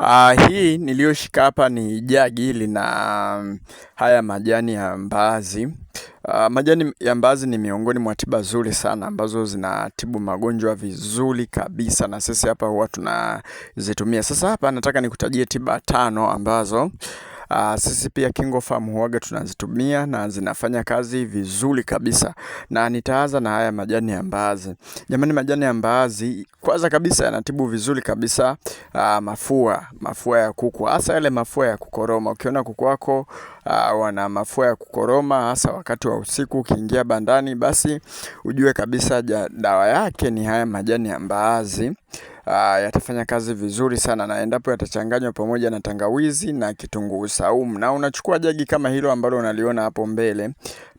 Uh, hii niliyoshika hapa ni jagi lina mm, haya majani ya mbaazi. Uh, ah, majani ya mbaazi ni miongoni mwa tiba nzuri sana ambazo zinatibu magonjwa vizuri kabisa, na sisi hapa huwa tunazitumia. Sasa hapa nataka nikutajie tiba tano ambazo Uh, sisi pia KingoFarm huaga tunazitumia na zinafanya kazi vizuri kabisa, na nitaanza na haya majani ya mbaazi. Jamani, majani ya mbaazi kwanza kabisa yanatibu vizuri kabisa uh, mafua mafua ya kuku, hasa yale mafua ya kukoroma. Ukiona kuku wako uh, wana mafua ya kukoroma, hasa wakati wa usiku, ukiingia bandani, basi ujue kabisa ja, dawa yake ni haya majani ya mbaazi. Ah, yatafanya kazi vizuri sana, na endapo yatachanganywa pamoja na tangawizi na kitunguu saumu. Na unachukua jagi kama hilo ambalo unaliona hapo mbele,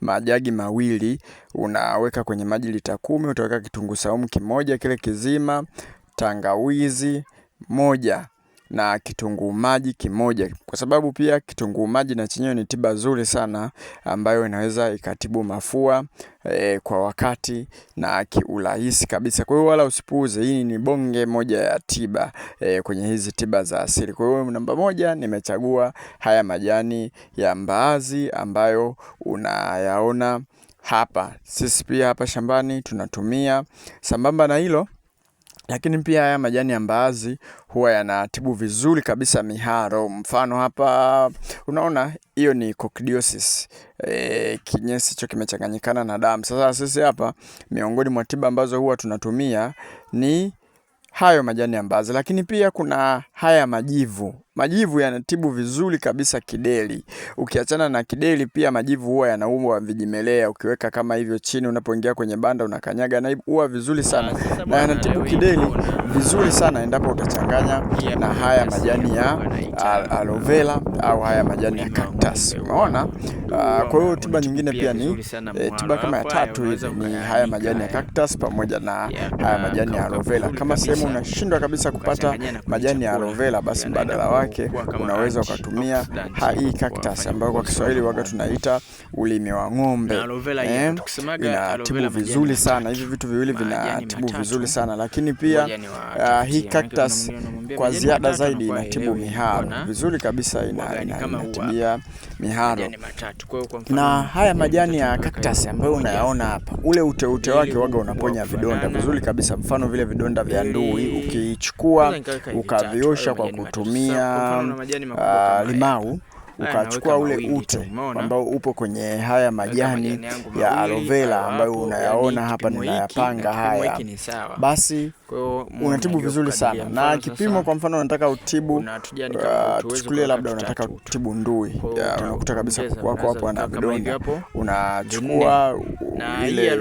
majagi mawili, unaweka kwenye maji lita kumi, utaweka kitunguu saumu kimoja kile kizima, tangawizi moja na kitunguu maji kimoja, kwa sababu pia kitunguu maji na chenyewe ni tiba nzuri sana ambayo inaweza ikatibu mafua e, kwa wakati na kiurahisi kabisa. Kwa hiyo wala usipuuze, hii ni bonge moja ya tiba e, kwenye hizi tiba za asili. Kwa hiyo namba moja, nimechagua haya majani ya mbaazi ambayo unayaona hapa. Sisi pia hapa shambani tunatumia. Sambamba na hilo lakini pia haya majani ya mbaazi huwa yanatibu vizuri kabisa miharo. Mfano hapa unaona hiyo ni coccidiosis. E, kinyesi hicho kimechanganyikana na damu. Sasa sisi hapa miongoni mwa tiba ambazo huwa tunatumia ni hayo majani ya mbaazi, lakini pia kuna haya majivu. Majivu yanatibu vizuri kabisa kideli. Ukiachana na kideli, pia majivu huwa yanaumwa vijimelea, ukiweka kama hivyo chini, unapoingia kwenye banda unakanyaga, na huwa vizuri sana na yanatibu kideli vizuri sana endapo utachanganya na haya majani ya aloe vera au haya majani ya cactus. Umeona? Ah, kwa hiyo tiba nyingine pia ni e, tiba kama ya tatu hizi ni haya majani ya cactus pamoja na haya majani ya aloe vera. Kama sehemu unashindwa kabisa kupata majani ya aloe vera, basi mbadala wake yake unaweza ukatumia hii cactus ambayo kwa Kiswahili waga tunaita ulimi wa ng'ombe. Eh, inatibu vizuri sana hivi vitu viwili vinatibu vizuri sana lakini pia uh, hii cactus kwa ziada zaidi inatibu miharo vizuri kabisa, ina, ina, miharo na haya majani ya cactus ambayo unayaona hapa, ule uteute wake waga unaponya vidonda vizuri kabisa, mfano vile vidonda vya ndui ukiichukua ukaviosha kwa kutumia Ah, ah, limau ukachukua ule ute ambao upo kwenye haya majani mawili, ya aloe vera ambayo unayaona hapa, ninayapanga haya, basi unatibu vizuri sana na kipimo. Kwa mfano unataka utibu, uh, tuchukulie labda unataka utibu ndui, unakuta kabisa kuku wako hapo ana vidonda, unachukua ile,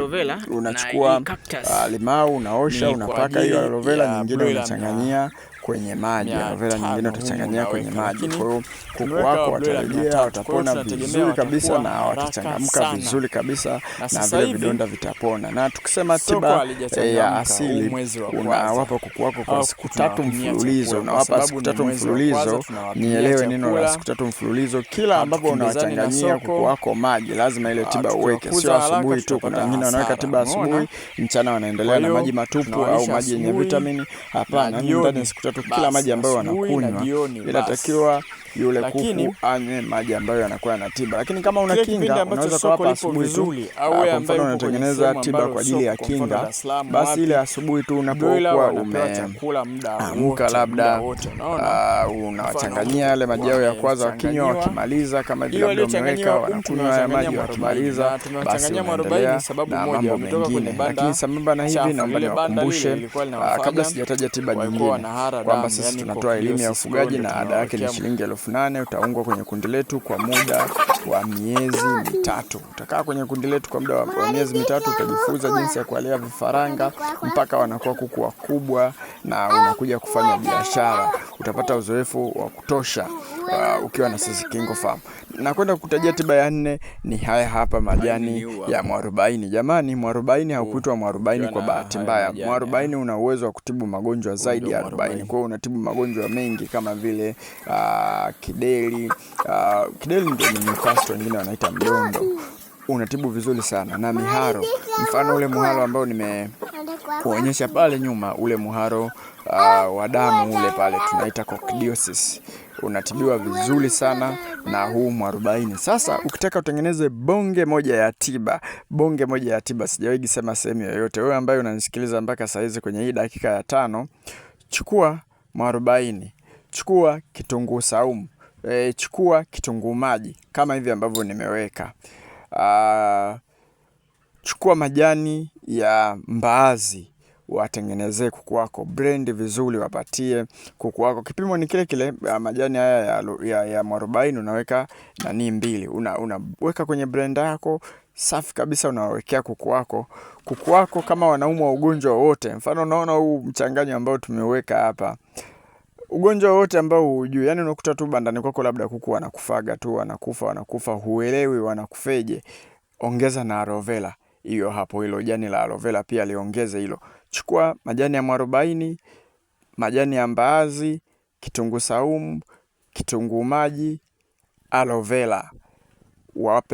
unachukua uh, limau, unaosha, unapaka hiyo aloe vera nyingine, unachanganyia kwenye maji, alovera nyingine utachanganyia kwenye maji. Kwa hiyo kuku wako watarejea, watapona vizuri kabisa na watachangamka vizuri kabisa, na vile vidonda vitapona. Na tukisema tiba ya eh, asili, unawapa kuku wako kwa siku tatu mfululizo, unawapa siku tatu mfululizo. Nielewe neno la siku tatu mfululizo, kila ambapo unawachanganyia kuku wako maji, lazima ile tiba uweke, sio asubuhi tu. Kuna wengine wanaweka tiba asubuhi, mchana wanaendelea na maji matupu au maji yenye vitamini. Hapana, ndani ya siku tatu watu, kila maji ambayo wanakunywa inatakiwa yule kuku anywe maji ambayo yanakuwa yana tiba, lakini kama una kinga unaweza kuwapa asubuhi tu. Kwa mfano unatengeneza tiba kwa ajili ya kinga, basi ile asubuhi tu unapokuwa umeamka, labda ah, unawachanganyia yale maji yao ya kwanza, wakinywa wakimaliza, kama vile umeweka wanakunywa haya maji, wakimaliza basi unaendelea na mambo mengine. Lakini sambamba na hivi, naomba niwakumbushe ah, kabla sijataja tiba nyingine kwamba sisi tunatoa elimu ya ufugaji na ada yake ni shilingi elfu elfu nane utaungwa kwenye kundi letu kwa muda wa miezi mitatu. Utakaa kwenye kundi letu kwa muda wa miezi mitatu, utajifunza jinsi ya kuwalea vifaranga mpaka wanakuwa kuku wakubwa na unakuja kufanya biashara. Utapata uzoefu wa kutosha uh, ukiwa na Sisi Kingo Farm nakwenda kutajia tiba ya nne, ni haya hapa majani ya mwarobaini. Jamani, mwarobaini haukuitwa mwarobaini kwa bahati mbaya. Mwarobaini una uwezo wa kutibu magonjwa zaidi ya 40. Kwa hiyo unatibu magonjwa mengi kama vile uh, kideli uh, kideli ndio ni mkasto, wengine wanaita mdondo, unatibu vizuri sana na miharo, mfano ule muharo ambao nime kuonyesha pale nyuma, ule muharo uh, wa damu ule pale tunaita coccidiosis unatibiwa vizuri sana na huu mwarobaini. Sasa ukitaka utengeneze bonge moja ya tiba, bonge moja ya tiba, sijawahi sema sehemu yoyote. Wewe ambaye unanisikiliza mpaka saa hizi kwenye hii dakika ya tano, chukua mwarobaini, chukua kitunguu saumu, e, chukua kitunguu maji kama hivi ambavyo nimeweka. Aa, ah, chukua majani ya mbaazi watengenezee kuku wako brand vizuri, wapatie kuku wako. Kipimo ni kile kile, ah, majani haya ya, ya, ya mwarobaini unaweka nani mbili, unaweka una kwenye blender yako safi kabisa, unawawekea kuku wako. Kuku wako kama wanaumwa ugonjwa wowote, mfano unaona huu mchanganyo ambao tumeweka hapa ugonjwa wote ambao hujui, yani unakuta tu bandani kwako, labda kuku wanakufaga tu, wanakufa wanakufa, huelewi wanakufeje. Ongeza na alovera hiyo hapo, hilo jani la alovera pia liongeze hilo. Chukua majani ya mwarobaini, majani ya mbaazi, kitunguu saumu, kitunguu maji, aloe vera.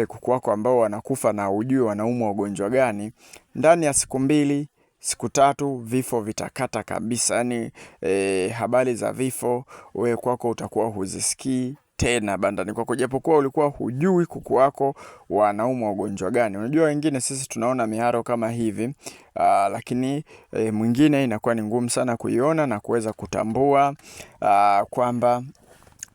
kuku wako ambao wanakufa na ujui wanaumwa ugonjwa gani. Ndani ya siku mbili, siku tatu, vifo vitakata kabisa. e, habari za vifo, wewe kwako utakuwa huzisikii tena bandani kwako, japokuwa ulikuwa hujui kuku wako wanaumwa ugonjwa gani. Unajua wengine sisi tunaona miharo kama hivi aa, ah, lakini e, mwingine inakuwa ni ngumu sana kuiona na kuweza kutambua ah, kwamba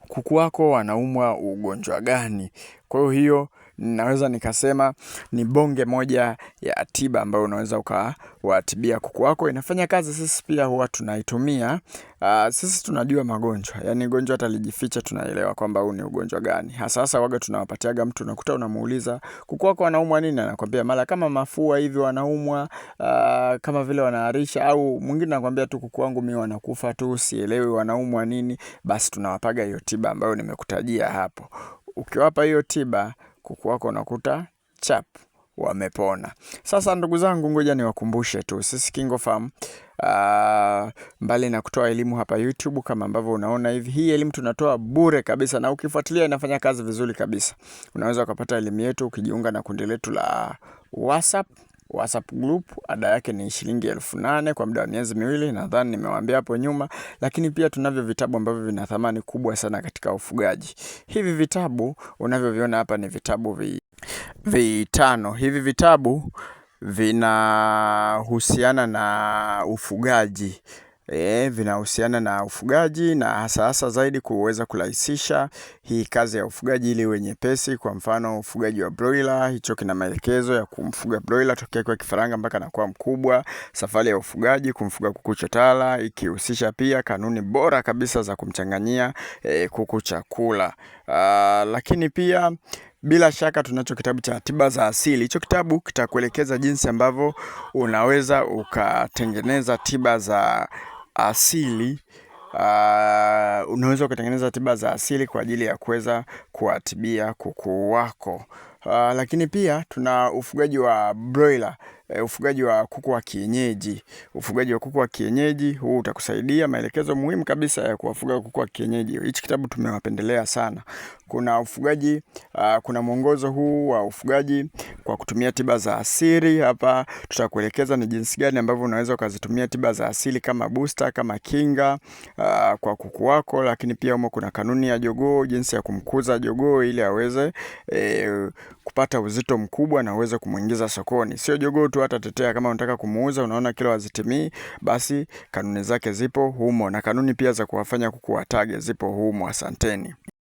kuku wako wanaumwa ugonjwa gani. Kwa hiyo naweza nikasema ni bonge moja ya tiba ambayo unaweza ukawatibia kuku wako. Inafanya kazi, sisi pia huwa tunaitumia. Uh, sisi tunajua magonjwa, yani gonjwa hata lijificha, tunaelewa kwamba huu ni ugonjwa gani hasa hasa. Waga tunawapatiaga mtu, unakuta unamuuliza kuku wako wanaumwa nini, anakwambia mara kama mafua hivi wanaumwa, uh, kama vile wanaharisha, au mwingine anakwambia tu kuku wangu mimi wanakufa tu, sielewi wanaumwa nini. Basi tunawapaga hiyo tiba ambayo nimekutajia hapo. Ukiwapa hiyo tiba kuku wako unakuta chap wamepona. Sasa ndugu zangu, ngoja niwakumbushe tu sisi KingoFarm Uh, mbali na kutoa elimu hapa YouTube kama ambavyo unaona hivi, hii elimu tunatoa bure kabisa, na ukifuatilia inafanya kazi vizuri kabisa. Unaweza ukapata elimu yetu ukijiunga na kundi letu la WhatsApp WhatsApp group ada yake ni shilingi elfu nane kwa muda wa miezi miwili, nadhani nimewaambia hapo nyuma. Lakini pia tunavyo vitabu ambavyo vina thamani kubwa sana katika ufugaji. Hivi vitabu unavyoviona hapa ni vitabu vi, vitano. Hivi vitabu vinahusiana na ufugaji e, vinahusiana na ufugaji na hasa hasa zaidi kuweza kurahisisha hii kazi ya ufugaji ili iwe nyepesi. Kwa mfano ufugaji wa broiler, hicho kina maelekezo ya kumfuga broiler tokea kwa kifaranga mpaka anakuwa mkubwa, safari ya ufugaji, kumfuga kuku chotara, ikihusisha pia kanuni bora kabisa za kumchanganyia e, kuku chakula. Aa, ah, lakini pia bila shaka tunacho kitabu cha tiba za asili. Hicho kitabu kitakuelekeza jinsi ambavyo unaweza ukatengeneza tiba za asili uh, unaweza ukatengeneza tiba za asili kwa ajili ya kuweza kuwatibia kuku wako. Uh, lakini pia tuna ufugaji wa broiler e, ufugaji wa kuku wa kienyeji. Ufugaji wa kuku wa kienyeji huu utakusaidia maelekezo muhimu kabisa ya kuwafuga kuku wa kienyeji. Hichi kitabu tumewapendelea sana. Kuna ufugaji uh, kuna mwongozo huu wa ufugaji kwa kutumia tiba za asili. Hapa tutakuelekeza ni jinsi gani ambavyo unaweza ukazitumia tiba za asili kama booster, kama kinga uh, kwa kuku wako, lakini pia humo kuna kanuni ya jogoo, jinsi ya kumkuza jogoo ili aweze eh, kupata uzito mkubwa na uweze kumuingiza sokoni, sio jogoo tu mtu tetea kama unataka kumuuza, unaona kilo hazitimii, basi kanuni zake zipo humo, na kanuni pia za kuwafanya kuku watage zipo humo. Asanteni.